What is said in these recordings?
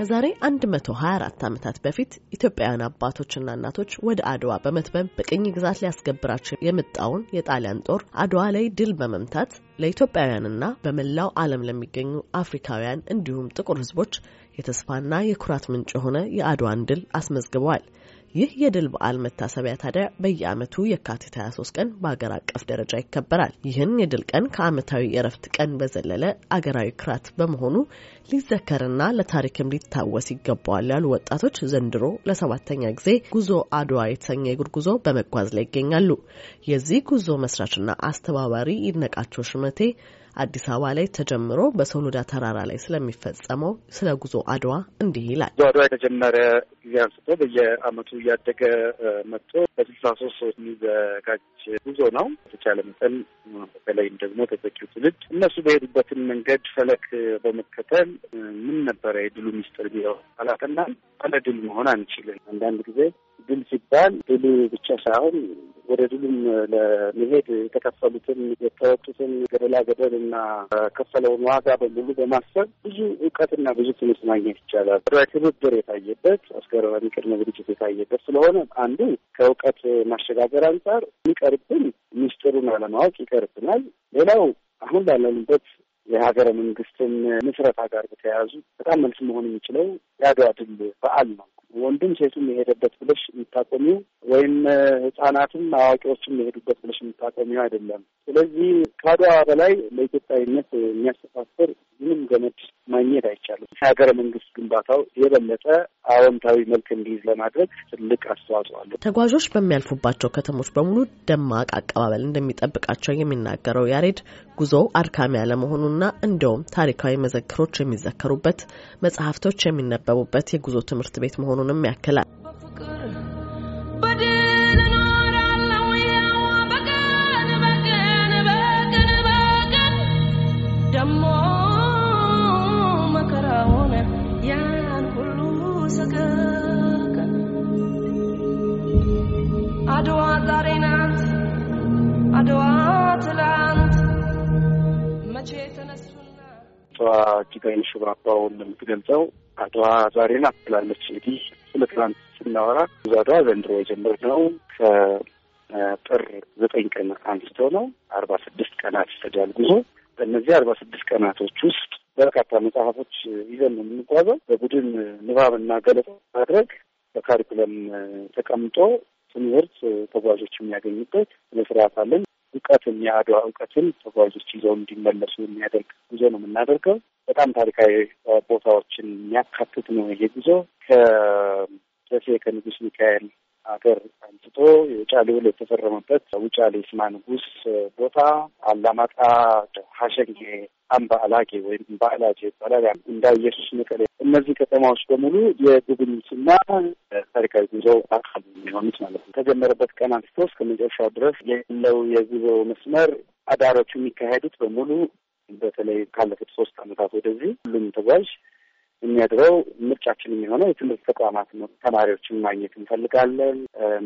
ከዛሬ 124 ዓመታት በፊት ኢትዮጵያውያን አባቶችና እናቶች ወደ አድዋ በመትበብ በቅኝ ግዛት ሊያስገብራቸው የመጣውን የጣሊያን ጦር አድዋ ላይ ድል በመምታት ለኢትዮጵያውያንና በመላው ዓለም ለሚገኙ አፍሪካውያን እንዲሁም ጥቁር ሕዝቦች የተስፋና የኩራት ምንጭ የሆነ የአድዋን ድል አስመዝግበዋል። ይህ የድል በዓል መታሰቢያ ታዲያ በየዓመቱ የካቲት 23 ቀን በአገር አቀፍ ደረጃ ይከበራል። ይህን የድል ቀን ከዓመታዊ የእረፍት ቀን በዘለለ አገራዊ ክራት በመሆኑ ሊዘከርና ለታሪክም ሊታወስ ይገባዋል ያሉ ወጣቶች ዘንድሮ ለሰባተኛ ጊዜ ጉዞ አድዋ የተሰኘ የእግር ጉዞ በመጓዝ ላይ ይገኛሉ። የዚህ ጉዞ መስራችና አስተባባሪ ይድነቃቸው ሽመቴ አዲስ አበባ ላይ ተጀምሮ በሶሎዳ ተራራ ላይ ስለሚፈጸመው ስለ ጉዞ አድዋ እንዲህ ይላል። ጉዞ አድዋ የተጀመረ ጊዜ አንስቶ በየአመቱ እያደገ መጥቶ በስልሳ ሶስት ሰዎች የሚዘጋጅ ጉዞ ነው። በተቻለ መጠን በተለይም ደግሞ ተተኪው ትውልድ እነሱ በሄዱበትን መንገድ ፈለክ በመከተል ምን ነበረ የድሉ ሚስጥር ቢለው አላትና ባለ መሆን አንችልም። አንዳንድ ጊዜ ድል ሲባል ድሉ ብቻ ሳይሆን ወደ ድሉም ለመሄድ የተከፈሉትን የተወጡትን ገደላ ገደል እና ከፈለውን ዋጋ በሙሉ በማሰብ ብዙ እውቀትና ብዙ ትምህርት ማግኘት ይቻላል። ትብብር የታየበት አስገራሚ ቅድመ ዝግጅት የታየበት ስለሆነ አንዱ ከእውቀት ማሸጋገር አንጻር የሚቀርብን ሚስጥሩን አለማወቅ ይቀርብናል። ሌላው አሁን ባለንበት የሀገረ መንግስትን ምስረታ ጋር በተያያዙ በጣም መልስ መሆን የሚችለው የአድዋ ድል በዓል ነው። ወንዱም ሴቱም የሄደበት ብለሽ የምታቆሚው ወይም ህጻናትም አዋቂዎችም የሄዱበት ብለሽ የምታቆሚው አይደለም። ስለዚህ ከአድዋ በላይ ለኢትዮጵያዊነት የሚያስተሳስር ምንም ገመድ ማግኘት አይቻልም። የሀገረ መንግስት ግንባታው የበለጠ አዎንታዊ መልክ እንዲይዝ ለማድረግ ትልቅ አስተዋጽኦ አለው። ተጓዦች በሚያልፉባቸው ከተሞች በሙሉ ደማቅ አቀባበል እንደሚጠብቃቸው የሚናገረው ያሬድ ጉዞው አድካሚ ያለመሆኑና እንዲያውም ታሪካዊ መዘክሮች የሚዘከሩበት መጽሐፍቶች የሚነበቡበት የጉዞ ትምህርት ቤት መሆኑንም ያክላል። ሰቀቀ አድዋ ዛሬ ናት፣ አድዋ ትላንት መቼ ተነሱና ሽባባው እንደምትገልጸው አድዋ ዛሬ ናት ትላለች። እንግዲህ ስለ ትላንት ስናወራ አድዋ ዘንድሮ የጀመርነው ከጥር ዘጠኝ ቀን አንስቶ ነው። አርባ ስድስት ቀናት ይፈጃል ጉዞ። በእነዚህ አርባ ስድስት ቀናቶች ውስጥ በርካታ መጽሐፎች ይዘን ነው የምንጓዘው። በቡድን ንባብና ገለጻ ማድረግ በካሪኩለም ተቀምጦ ትምህርት ተጓዦች የሚያገኙበት መስራት አለን። እውቀትን የአድዋ እውቀትን ተጓዦች ይዘው እንዲመለሱ የሚያደርግ ጉዞ ነው የምናደርገው። በጣም ታሪካዊ ቦታዎችን የሚያካትት ነው ይሄ ጉዞ። ከደሴ ከንጉስ ሚካኤል ሀገር አንስቶ የውጫሌ ውል የተፈረመበት ውጫሌ ስማ ንጉስ ቦታ አላማጣ ሀሸንጌ አምባላጌ ወይም ባላጌ ይባላል። እንዳ ኢየሱስ መቀሌ፣ እነዚህ ከተማዎች በሙሉ የጉብኝትና ታሪካዊ ጉዞ አካል የሚሆኑት ማለት ነው። ከጀመረበት ቀን አንስቶ እስከ መጨረሻው ድረስ የለው የጉዞ መስመር አዳሮቹ የሚካሄዱት በሙሉ በተለይ ካለፉት ሶስት አመታት ወደዚህ ሁሉም ተጓዥ የሚያድረው ምርጫችን የሚሆነው የትምህርት ተቋማት ነው። ተማሪዎችን ማግኘት እንፈልጋለን፣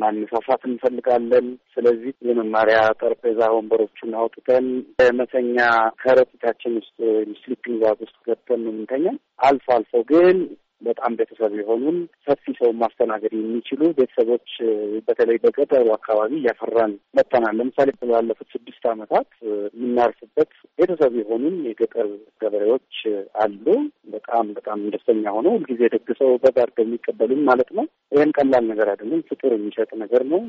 ማነሳሳት እንፈልጋለን። ስለዚህ የመማሪያ ጠረጴዛ ወንበሮችን አውጥተን በመተኛ ከረጢታችን ውስጥ ስሊፒንግ ባግ ውስጥ ገብተን ነው አልፎ አልፎ ግን በጣም ቤተሰብ የሆኑን ሰፊ ሰው ማስተናገድ የሚችሉ ቤተሰቦች በተለይ በገጠሩ አካባቢ እያፈራን መጥተናል። ለምሳሌ ባለፉት ስድስት ዓመታት የምናርፍበት ቤተሰብ የሆኑን የገጠር ገበሬዎች አሉ። በጣም በጣም ደስተኛ ሆነው ሁልጊዜ ደግሰው በጋር የሚቀበሉን ማለት ነው። ይህን ቀላል ነገር አይደለም። ፍጡር የሚሰጥ ነገር ነው።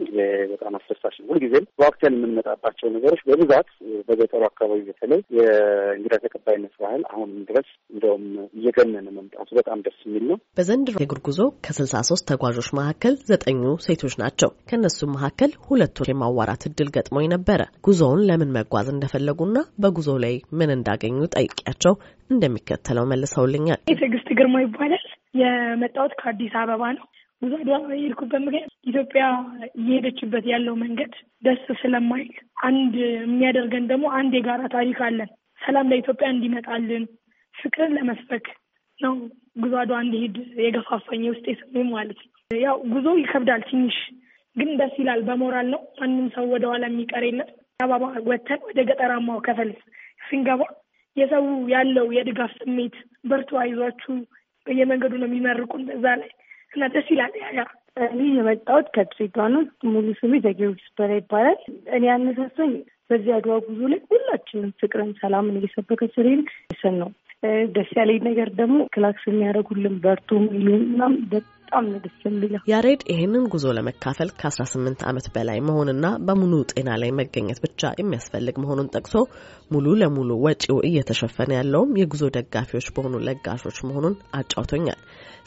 በጣም አስደሳች ነው። ሁልጊዜም በወቅተን የምንመጣባቸው ነገሮች በብዛት በገጠሩ አካባቢ በተለይ የእንግዳ ተቀባይነት ባህል አሁንም ድረስ እንደውም እየገነነ መምጣቱ በጣም ደስ የሚል ነው። በዘንድሮ የእግር ጉዞ ከ63 ተጓዦች መካከል ዘጠኙ ሴቶች ናቸው። ከእነሱም መካከል ሁለቱ የማዋራት እድል ገጥሞኝ ነበረ። ጉዞውን ለምን መጓዝ እንደፈለጉና በጉዞ ላይ ምን እንዳገኙ ጠይቂያቸው እንደሚከተለው መልሰውልኛል። ትዕግስት ግርማ ይባላል። የመጣሁት ከአዲስ አበባ ነው። ብዙ አድዋ የሄድኩበት ምክንያት ኢትዮጵያ እየሄደችበት ያለው መንገድ ደስ ስለማይል አንድ የሚያደርገን ደግሞ አንድ የጋራ ታሪክ አለን። ሰላም ለኢትዮጵያ እንዲመጣልን ፍቅርን ለመስበክ ነው ጉዞ ጉዟዷ እንዲሄድ የገፋፋኝ የውስጤ ስሜ ማለት ነው። ያው ጉዞ ይከብዳል ትንሽ ግን ደስ ይላል። በሞራል ነው። ማንም ሰው ወደኋላ የሚቀር የለም። አበባ ወተን ወደ ገጠራማው ከፈል ስንገባ የሰው ያለው የድጋፍ ስሜት በርቱ፣ አይዟችሁ በየመንገዱ ነው የሚመርቁን በዛ ላይ እና ደስ ይላል። ያ እኔ የመጣሁት ከድሬዳዋ ነው። ሙሉ ስሜ ዘጊዮርጊስ በላ ይባላል። እኔ ያነሳሳኝ በዚህ አድዋ ጉዞ ላይ ሁላችንም ፍቅርን፣ ሰላምን እየሰበከ ስሬን ስን ነው ደስ ያለኝ ነገር ደግሞ ክላክስ የሚያደርጉልን በርቱ የሚሉና በጣም ያሬድ ይህንን ጉዞ ለመካፈል ከ18 ዓመት በላይ መሆንና በሙሉ ጤና ላይ መገኘት ብቻ የሚያስፈልግ መሆኑን ጠቅሶ ሙሉ ለሙሉ ወጪው እየተሸፈነ ያለውም የጉዞ ደጋፊዎች በሆኑ ለጋሾች መሆኑን አጫውቶኛል።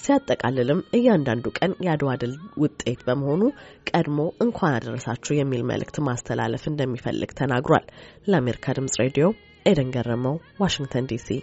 ሲያጠቃልልም እያንዳንዱ ቀን የአድዋ ድል ውጤት በመሆኑ ቀድሞ እንኳን አደረሳችሁ የሚል መልእክት ማስተላለፍ እንደሚፈልግ ተናግሯል። ለአሜሪካ ድምጽ ሬዲዮ ኤደን ገረመው፣ ዋሽንግተን ዲሲ